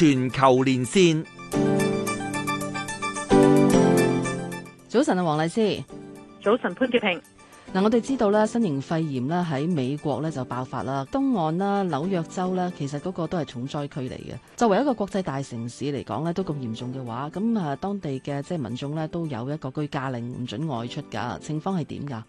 全球連線，早晨啊，黃麗施，早晨潘潔平。嗱，我哋知道咧，新型肺炎咧喺美國咧就爆發啦，東岸啦，紐約州咧，其實嗰個都係重災區嚟嘅。作為一個國際大城市嚟講咧，都咁嚴重嘅話，咁啊，當地嘅即係民眾咧，都有一個居家令唔准外出噶。情況係點噶？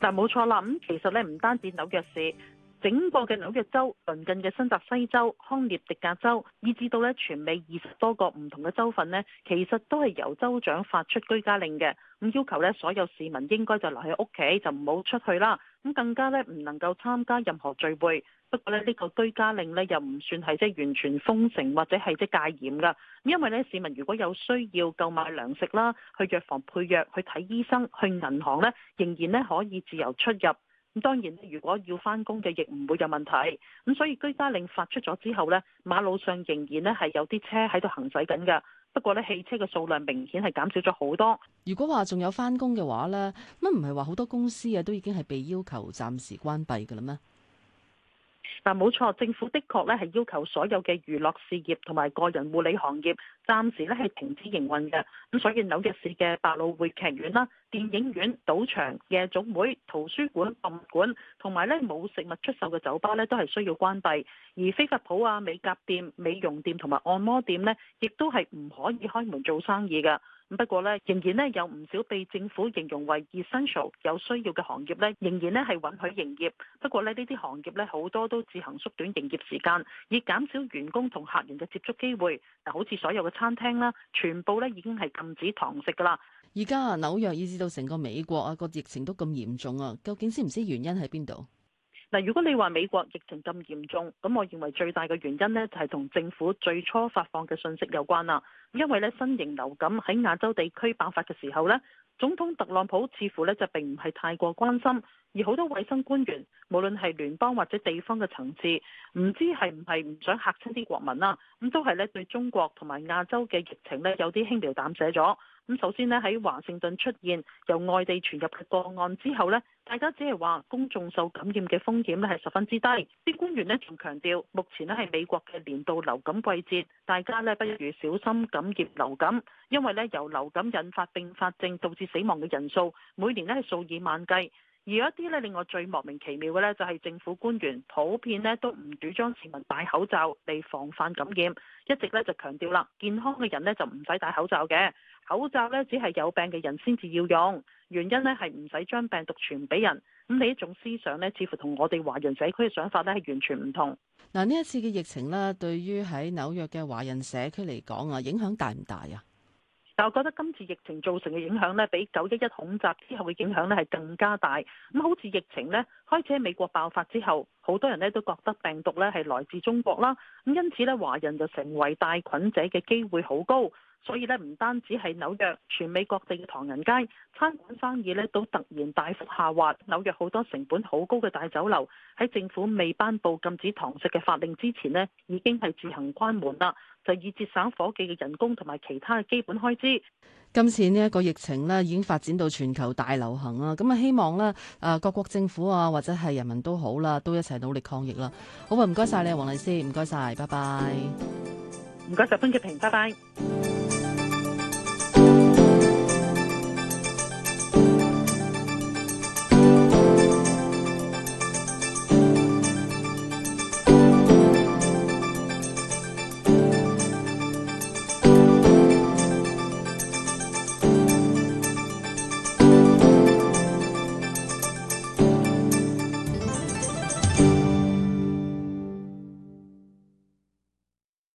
嗱，冇錯啦，咁其實咧唔單止紐約市。整個嘅紐約州、鄰近嘅新澤西州、康涅狄格州，以至到咧全美二十多個唔同嘅州份咧，其實都係由州長發出居家令嘅，咁要求咧所有市民應該就留喺屋企，就唔好出去啦。咁更加咧唔能夠參加任何聚會。不過咧呢個居家令咧又唔算係即係完全封城或者係即戒嚴㗎，因為咧市民如果有需要購買糧食啦、去藥房配藥、去睇醫生、去銀行咧，仍然咧可以自由出入。咁當然如果要翻工嘅亦唔會有問題。咁所以居家令發出咗之後呢，馬路上仍然咧係有啲車喺度行駛緊㗎。不過呢，汽車嘅數量明顯係減少咗好多。如果話仲有翻工嘅話呢，乜唔係話好多公司啊都已經係被要求暫時關閉㗎啦咩？嗱，冇錯，政府的確呢係要求所有嘅娛樂事業同埋個人護理行業暫時呢係停止營運嘅。咁所以紐約市嘅百老匯劇院啦。電影院、賭場、夜總會、圖書館、博物館同埋咧冇食物出售嘅酒吧咧，都係需要關閉。而飛髮鋪啊、美甲店、美容店同埋按摩店呢，亦都係唔可以開門做生意嘅。咁不過呢，仍然呢有唔少被政府形容為 essential 有需要嘅行業呢，仍然呢係允許營業。不過呢，呢啲行業呢好多都自行縮短營業時間，以減少員工同客人嘅接觸機會。嗱，好似所有嘅餐廳啦，全部呢已經係禁止堂食㗎啦。而家啊，紐約以至到成個美國啊，個疫情都咁嚴重啊！究竟知唔知原因喺邊度？嗱，如果你話美國疫情咁嚴重，咁我認為最大嘅原因咧，就係同政府最初發放嘅信息有關啦。因為咧，新型流感喺亞洲地區爆發嘅時候咧，總統特朗普似乎咧就並唔係太過關心，而好多衛生官員，無論係聯邦或者地方嘅層次，唔知係唔係唔想吓親啲國民啦，咁都係咧對中國同埋亞洲嘅疫情咧有啲輕描淡寫咗。咁首先呢，喺華盛頓出現由外地傳入嘅個案之後呢，大家只係話公眾受感染嘅風險呢係十分之低。啲官員呢仲強調，目前呢係美國嘅年度流感季節，大家呢不如小心感染流感，因為呢由流感引發併發症導致死亡嘅人數每年呢係數以萬計。而有一啲咧，令我最莫名其妙嘅咧，就係政府官員普遍咧都唔主張市民戴口罩嚟防範感染，一直咧就強調啦，健康嘅人咧就唔使戴口罩嘅，口罩咧只係有病嘅人先至要用，原因咧係唔使將病毒傳俾人。咁你一種思想咧，似乎我同我哋華人社區嘅想法咧係完全唔同。嗱，呢一次嘅疫情呢，對於喺紐約嘅華人社區嚟講啊，影響大唔大啊？但我覺得今次疫情造成嘅影響呢，比九一一恐襲之後嘅影響呢係更加大。咁好似疫情呢開始喺美國爆發之後，好多人呢都覺得病毒呢係來自中國啦。咁因此呢華人就成為帶菌者嘅機會好高。所以咧，唔單止係紐約，全美各地嘅唐人街餐館生意咧，都突然大幅下滑。紐約好多成本好高嘅大酒樓喺政府未頒布禁止堂食嘅法令之前呢，已經係自行關門啦，就以節省伙計嘅人工同埋其他嘅基本開支。今次呢一個疫情呢已經發展到全球大流行啦。咁啊，希望呢，啊，各國政府啊，或者係人民都好啦，都一齊努力抗疫啦。好啊，唔該晒你啊，黃麗施，唔該晒，拜拜。唔該晒，潘潔平，拜拜。